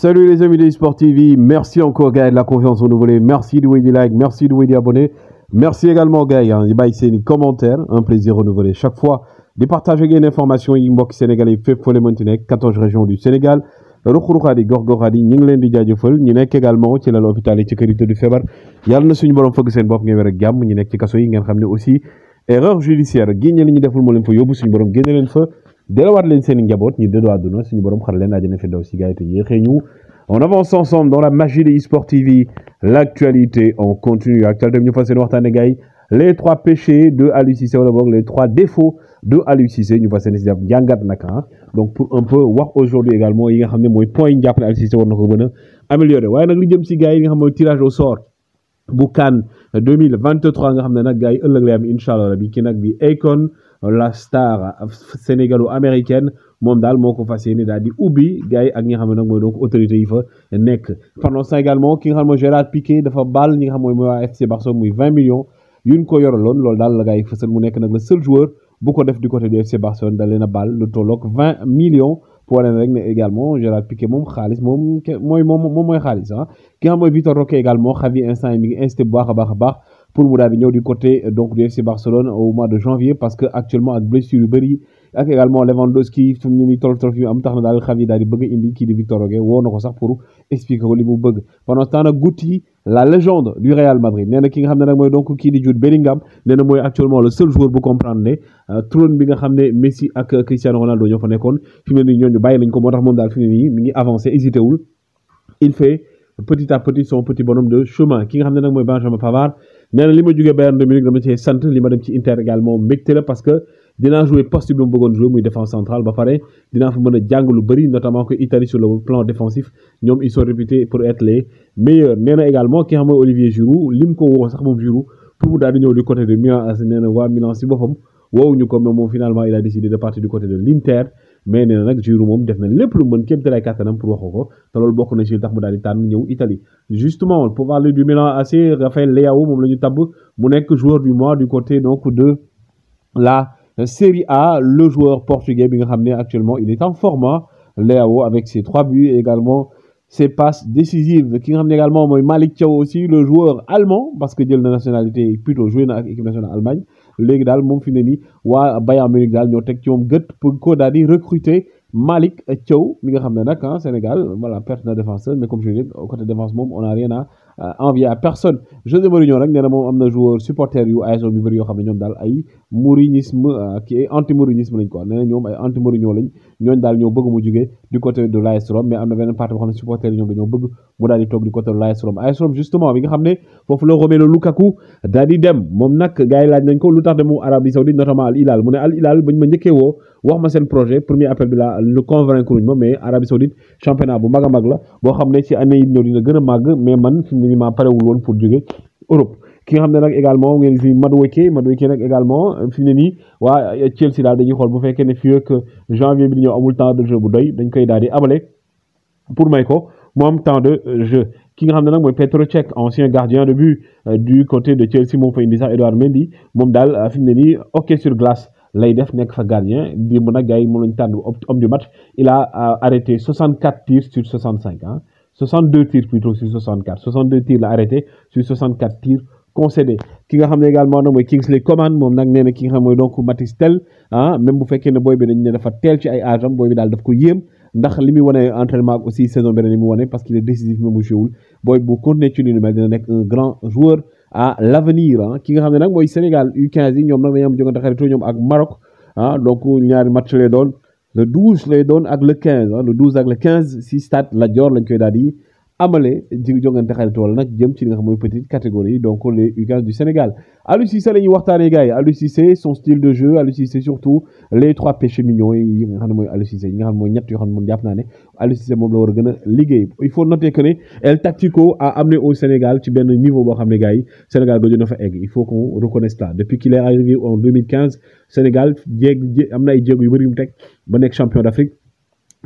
Salut les amis de Sport TV, merci encore Gaël de la confiance renouvelée, merci de des likes, merci de des abonnés, merci également Gaël, hein, c'est les commentaires, un plaisir renouvelé chaque fois, de partager une information, inbox sénégalais, fait les Montenegro, 14 régions du Sénégal, ruxuruxaat yi gox-goxaat yi ñu leen di ñu également ci lal hôpital et ci kër yi tëdd feebar yàlla na suñu borom fëgg seen bopp ngeen wér ak jàmm ñu nekk ci kaso yi aussi erreur judiciaire génne li ñu deful moo leen fa yóbbu suñu borom leen fa delawaat leen seen njaboot ñi dëddu àdduna suñu borom xar leen àjjana fi daw si gars yi ñu on avance ensemble dans la magie de e-sport TV l'actualité on continue actualité bi ñu fas yéene waxtaanee gars les trois péchés de Aliou Cissé wala boog les trois défauts de Aliou Cissé ñu fas yéene si jàpp njàngat nag ah donc pour un peu wax aujourd'hui également yi nga xam ne mooy point yi ñu jàpp ne Aliou Cissé war na ko gën a amélioré waaye nag li jëm si gars yi nga xam mooy tirage au sort bu CAN 2023 nga xam ne nag gars yi ëllëg lay am incha allah rabi kii nag bi Akon la star sénégalo-américaine mom dal moko ko dal di ubi gay ak nga donc autorité yi fa nek pendant ça également ki nga xam Gérard Piqué dafa Ball ñi nga xam moy FC Barcelone muy 20 millions yuñ ko yoraloon lol dal la gay yi mu nek nak le seul joueur bu ko def du côté de FC Barcelone d'aller leen a Le lu 20 millions. pour wane rek également Gérard Piqué mom khalis mom moy mom moy xaalis ah ki nga xam mooy Vitor Roque également Xavi instant yi mi ngi bu pour mu du côté euh, donc du FC Barcelone au mois de janvier parce que actuellement blessure de bëri également Lewandowski fi mu ne nii tolof am tax na Xavi dal di indi ki di Victor Roque woo ko sax pour expliquer ko li mu bëgg pendant ce temps Guti la légende du Real Madrid néna na ki nga xamné nak moy donc ki di Jude Bellingham néna moy actuellement le seul joueur bu comprendre né euh, trône bi nga xamné Messi ak Cristiano Ronaldo ñofa nékkone fi mu ñoo ñu ñooñu nañ ko motax mom dal fi mu mi ngi avancer hésité wul il fait petit à petit son petit bonhomme de chemin ki nga xamné nak moy Benjamin Pavard nee na li ma jógee Bayern de Munich dama cee sant li ma dem ci Inter également mbégte la parce que dinaa jouer poste bi mu bëggoon jouer muy défense centrale ba pare dinaa fa mën a jàng lu bëri notamment que Italie sur le plan défensif ñoom ils sont réputés pour être les meilleurs nee na également ki xam Olivier Giroud lim ko woo sax moom Giroud pour mu daal di ñëw du côté de Milan AC nee na waa Milan si boppam woowuñu ko mais moom finalement il a décidé de partir du côté de l'Inter mais nee na nag Giroud moom def na lépp lu mën kéem tolluwaay kàttanam pour waxu ko te loolu bokk na ci tax mu daal di tànn ñëw Italie justement pour parler du Milan AC Raphaël Leao moom la ñu tabb mu nekk joueur du mois du côté donc de la Série A le joueur portugais bi nga xam actuellement il est en format hein. Leao avec ses trois buts et également ses passes décisives qui nga également Malik Malick aussi le joueur allemand parce que jël na nationalité plutôt joué dans l'équipe nationale d'Allemagne léegi daal moom fi ne ni waa Bayern Munich daal ñoo teg ci moom gët pour ko daal di recruter malik thiow mi nga xam ne nag ah, Sénégal voilà perte na défenseur mais comme je dis côté défense moom on a rien à envier à personne José Mourinho nag nee na moom am na joueur supporter yu AS Roma yu bëri yoo xam ne ñoom daal ay mourinisme qui euh, ay anti mourinisme lañ quoi nee na ñoom ay anti Mourinho lañ ñooñu daal ñoo bëgg mu jugee du côté de l'AS Rome mais am na beneen partie boo xam ne supporters yi ñoom dañoo bëgg mu daal di toog du côté de l'AS Rome AS Rome justement bi nga xam ne foofu la Romelu Lukaku daal di dem moom nag gars yi laaj nañ ko lu tax demu Arabie Saoudite notamment Al Hilal mu ne Al Hilal bañ ma njëkkee woo wax ma seen projet premier appel bi la le convaincre uñ ma mais Arabie Saoudite championnat bu mag a mag la boo xam ne ci année yi ñëw dina gën a màgg mais man fi ni ma parewul woon pour jóge Europe ki nga nak également ngeen fi Madueke Madueke nak également euh, fi mu ne euh, Chelsea dal dañuy xol bu fekkee ne jean ak euh, janvier bi ñeu amul temps de jeu bu doy dañ koy daal di pour may ko mo am temps de jeu ki nga xam nak moy ancien gardien de but du côté de Chelsea mon fa indi sax Edouard Mendy mon dal fi ok sur glace lay def nek fa gardien bi homme du match il a arrêté 64 tirs sur 65 62 hein. tirs plutôt sur 64 62 tirs a arrêté sur 64 tirs concédé ki nga xamné également nag mooy Kingsley Coman mom nak néna ki nga xamné donc Mathys Tel hein ah, même bu fekkee né boy bi dañ ne dafa tel ci ay âge boy bi dal daf ko yéem ndax limi woné entraînement aussi saison beneen li mu wane parce qu'il est décisif même bu jouwul bu continuer ci li nu mel dina nek un grand joueur à l'avenir hein ki nga xamné nak moy Sénégal U15 yi ñoom nag dañu am jogante xaritoo ñoom ak Maroc hein donc ñaari match lay doon le 12 lay doon ak le 15 hein le 12 ak le 15 si stade la Dior lañ koy dal di amalé ji jongante xarit wala nak jëm ci nga xam petite catégorie donc les U15 du Sénégal Aliou Cissé la ñuy waxtaanee son style de jeu Aliou surtout les trois péchés mignons yi nga xam moy mooy Aliou Cissé nga xam moy ñet yo xam ne japp na né ne Aliou Cissé moom la war liggéey il faut noter que né El Tactico a amené au Sénégal ci ben niveau bo xamné gaay Sénégal gëjoon na fa egg il faut qu'on reconnaisse ça depuis qu'il est arrivé en 2015 Sénégal jéeg am na ay jéego yu bëri yu ba nek champion d'Afrique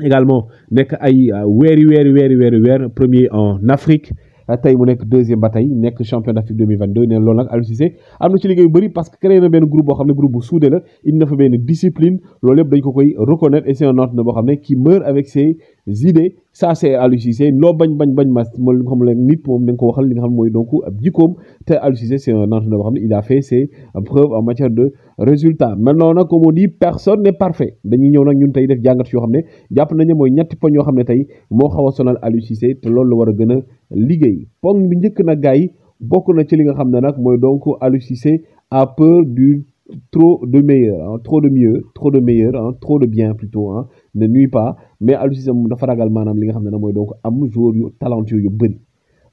également nek ay wéri wéri wéri wéri weer premier en Afrique euh, tey mu nek deuxième bataille nek champion d'Afrique 2022 né lool nak nag Aliou Cissé am na ci liggéey bari parce que créé na ben groupe bo xamné groupe bu soudé la il na fa ben discipline lool yeb dañ ko koy reconnaître et c'est un ordre bo xamné qui meurt avec ses idées ça c'est Aliou Cissé loo bañ bañ bañ mas mo li xam ne nit mom dañ ko waxal li nga xam donc ab jikkoom te Aliou Cissé c'est un entraîneur bo xamné il a fait ses preuves en matière de résultats maintenant nak comme on dit personne n'est parfait dañuy ñëw nak ñun tay def jàngat yo xamné japp jàpp nañu ne mooy ñetti poñ yoo xam ne tey moo sonal Aliou Cissé te loolu la war a liggéey poñ bi njëkk na gaay yi bokk na ci li nga xam ne nag mooy donc Aliou a peur du trop de meilleur hein. trop de mieux trop de meilleur hein. trop de bien plutôt hein, ne nuit pas mais Aliou Cissé moom dafa ragal maanaam li nga xam ne nag mooy donc am joueur yu talentueux yu bëri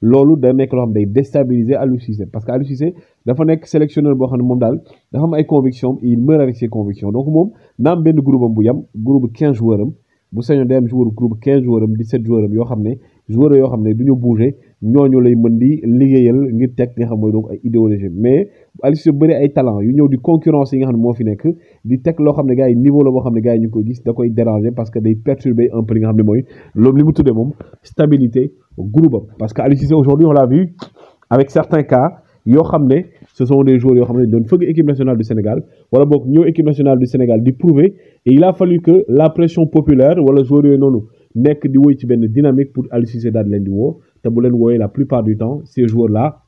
loolu da nekk loo xam day déstabiliser Aliou parce que Aliou dafa nekk sélectionneur boo xam ne moom daal dafa am ay convictions il meurt avec ses convictions donc moom naam benn groupe am bu yam groupe 15 joueurs am bu sañoon dem joueur groupe 15 joueurs 17 joueurs yo xamné joueurs yo xamné duñu bouger ñoñu lay mën di ligéyal ngir teg nga xam mooy donc ay idéologie mais Aliou bari ay talent yu ñëw di concurrence yi nga xam mo fi nekk di teg lo xamné gaay niveau la boo xam ne ñu ko gis da koy déranger parce que day perturber un peu li nga xam moy mooy loolu li mu tuddee moom stabilité groupe parce que Aliou aujourd'hui on l'a vu avec certains cas Yo ce sont des joueurs de l'équipe nationale du Sénégal wala donc ñeu équipe nationale du Sénégal di prouver et il a fallu que la pression populaire wala joueurs yo ont NONO di woy ci dynamique pour Ali Cissé daal len di bu la plupart du temps ces joueurs là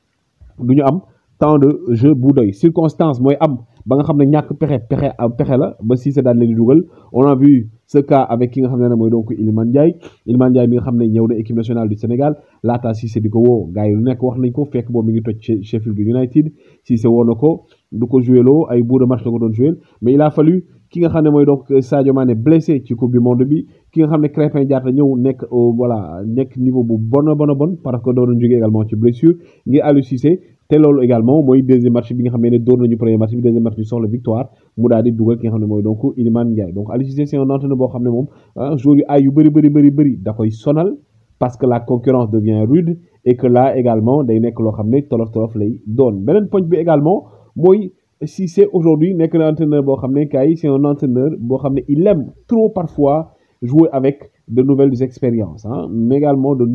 ont am temps de jeu bu doy circonstance moy am ba nga xam ne ñàkk pexe pexe pexe la ba Cissé daal leen di dugal on a vu ce cas avec ki nga xam ne mooy donc Iliman Ndiaye Iliman Ndiaye mi nga xam ne ñëw na équipe nationale du Sénégal laata Cissé di ko woo gars yi lu nekk wax nañ ko fekk boobu mi ngi toj Sheffield United Cissé woo na ko du ko joué loo ay bout de match la ko doon joué mais il a fallu ki nga xam ne mooy donc Sadio Mané blessé ci coupe du monde bi ki nga xam ne Crépin Diatta ñëw nekk euh, voilà nekk niveau bu bon a bon bon parce que doon jógee également ci blessure ngir Aliou Cissé té loolu également mooy deuxième match bi nga xam ne dóor nañu premier match bi deuxième match bi soxla victoire mu daal di dugal ki nga xam ne mooy donc Iliman Ndiaye donc Aliou Cissé c'est un entraîneur boo xam ne moom ah, joueurs yu ay yu bëri bëri bëri bëri da koy sonal parce que la concurrence devient rude et que là également day nekk loo xam ne tolof tolof lay doon beneen poñ bi également mooy Cissé aujourd'hui nekk na entraîneur boo xam ne kay c'est un entraîneur boo xam ne il aime trop parfois jouer avec de nouvelles expériences ah mais également de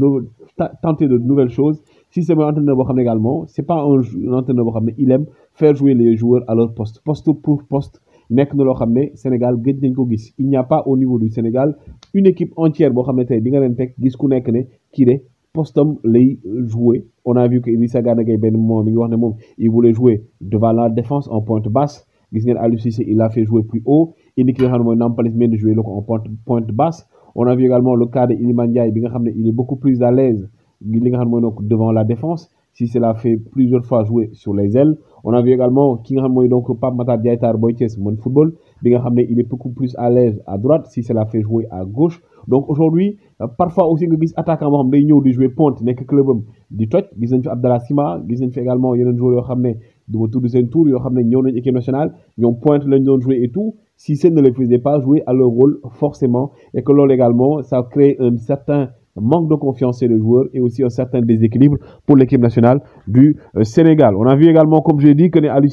tenter de nouvelles choses si c'est un entraîneur boo xam ce également c'est pas un entraîneur boo il aime faire jouer les joueurs à leur poste poste pour poste nek no lo xamné Sénégal gëj nañ ko gis il n'y a pas au niveau du Sénégal une équipe entière bo xamné ne di nga len tek gis ku nek né ki dé postam lay jouer on a vu que Idrissa Gana Gueye ben mom mi ngi wax né mom il voulait jouer devant la défense en pointe basse gis ngeen Aliou il a fait jouer plus haut Il ki nga xam ne mooy de jouer le en pointe basse on a vu également le cas de Iliman Ndiaye bi nga xamné il est beaucoup plus à l'aise li nga xam devant la défense si cela fait plusieurs fois jouer sur les ailes on a vu également ki nga xam mooy donc Pape Matar Diatar Boy Thiès football bi nga xam il est beaucoup plus à l'aise à droite si cela fait jouer à gauche donc aujourd'hui parfois aussi nga gis attaquant boo xam day ñëw jouer pointe. nekk clubam di du touch, nañ fi Abdallah Sima gis également yeneen joueurs a un joueur du ma tudd seen tour yoo xam ne nañ équipe nationale ont pointe lañ doon jouer et tout si ce ne les faisait pas jouer à leur rôle forcément et que l'on également ça crée un certain manque de confiance chez le joueur et aussi un certain déséquilibre pour l'équipe nationale du euh, Sénégal. On a vu également, comme j'ai dit, que Ali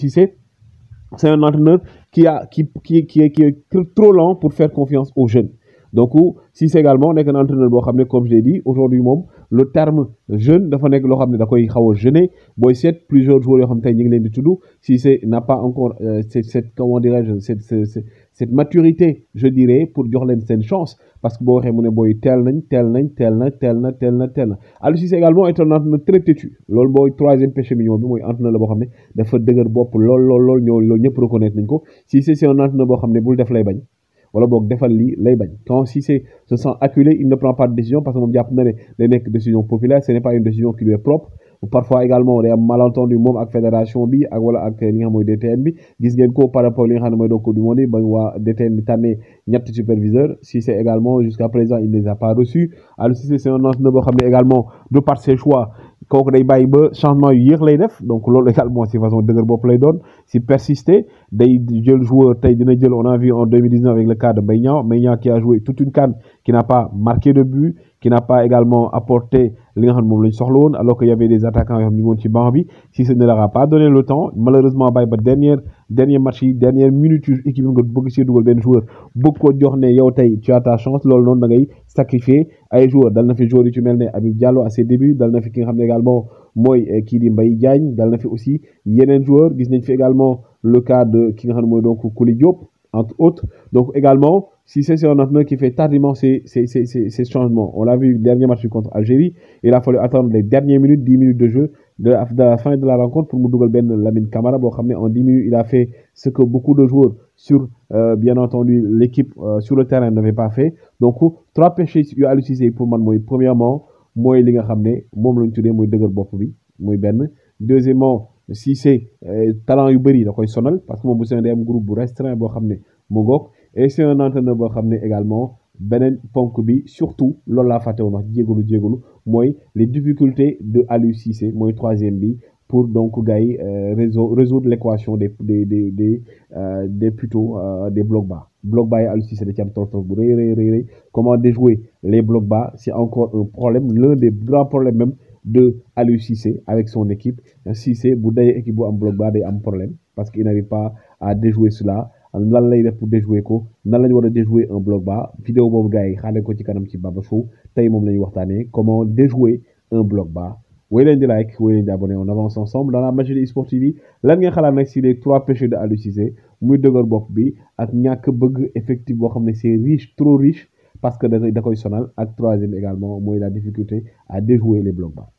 c'est un entraîneur qui, a, qui, qui est trop lent pour faire confiance aux jeunes donc si c'est également nekk na entraîneur boo xam comme j'ai dit aujourd'hui moom le terme jeune dafa nekk loo xam ne da koy xaw a jeune boy seet plusieurs joueurs yoo xam tey ñu ngi leen di tudd Cissé n'a pas encore euh, cette comment dirais cette cette cette maturité je dirais pour jox leen seen chance parce que boo waxee mu ne booy teel nañ tel nañ tel na tel na teel na teel na Aliou Cissé également est un entraîneur très têtu loolu boy troisième péché mignon bi entraîneur la boo xam ne dafa dëgër bopp lool lool lool ñoo loolu reconnaître nañ ko Cissé c'est un entraîneur boo xam ne bul def lay bañ wala boog defal lii lay bañ quand c'est se sent acculé il ne prend pas de décision parce que moom jàpp na ne day décision populaire ce n'est pas une décision qui lui est propre parfois également day am malentendu moom ak fédération bi ak wala ak li nga xam mooy DTN bi gis ngeen ko par rapport li nga xam ne mooy donc du monde ba waa DTN bi tànnee superviseur c'est également jusqu'à présent il ne les a pas reçus alors si c'est un entraîneur boo xam ne également de par ses choix kooku day bàyyi ba changement yu yéex lay def donc loolu également si façon dëgër bopp lay doon si persister day jël joueur tey dina jël on a vu en 2019 avec le cas de Mbaye Niang qui a joué toute une canne qui n'a pas marqué de but qui n'a pas également apporté li nga alors qu'il y avait des attaquants qui xam ci si ce ne leur pas donné le temps malheureusement bàyyi ba dernière dernier match dernière minute équipe beaucoup bëgg si dugal benn joueur bëgg ko jox yow tay tu as ta chance loolu non da ngay sacrifier ay joueur dal na fi joueur ci mel Diallo à ses débuts dal na fi ki nga xamné également moy eh, ki di Mbaye Diagne dal na fi aussi yenen joueurs gis nañ fi également le cas de ki nga xamné donc Kouli entre autres. Donc également, si c'est un entraîneur qui fait tardivement ces, ces, changements, on l'a vu le dernier match contre Algérie, il a fallu attendre les dernières minutes, 10 minutes de jeu de la, fin de la rencontre pour Moudougal Ben Lamine Kamara. Bon, en 10 minutes, il a fait ce que beaucoup de joueurs sur, euh, bien entendu, l'équipe euh, sur le terrain n'avait pas fait. Donc, trois péchés yu pour moi premièrement moi li nga xam ne moom lañ et moi dëgër bi deuxièmement Cissé euh, talent yu bëri da koy sonal parce que moom bu seen day am groupe bu restreint boo xam ne mu et c'est un entraîneur boo xam ne également beneen ponk bi surtout loolu laa fàtte woon wax jégalu jégalu mooy les difficultés de Aliou Cissé mooy troisième bi pour donc gars yi euh, résoudre l'équation des des des des euh, des plutôt des blocs bas blocs bas yi Aliou Cissé ci am bu rëy rëy rëy comment déjouer les blocs bas c'est encore un problème l'un des grands problèmes même de Aliou avec son équipe. Cissé, c'est dajee équipe bu am bloc bas day am problème parce qu'il n'arrive pas à déjouer cela il lay def pour déjouer ko nan la ñu déjouer un bloc bas vidéo boobu gars yi xaale ko ci kanam ci Baba Show tey moom la ñuy waxtaanee comment déjouer un bloc bas. woy leen de like woy leen abonné on avance ensemble dans la magie de eSport TV lan ngeen xalaat les trois péchés de Aliou Cissé muy dëgër bi ak bëgg effectif c'est riche trop riche parce que da koy sonal ak troisième également mooy la difficulté à déjouer les blocs bas.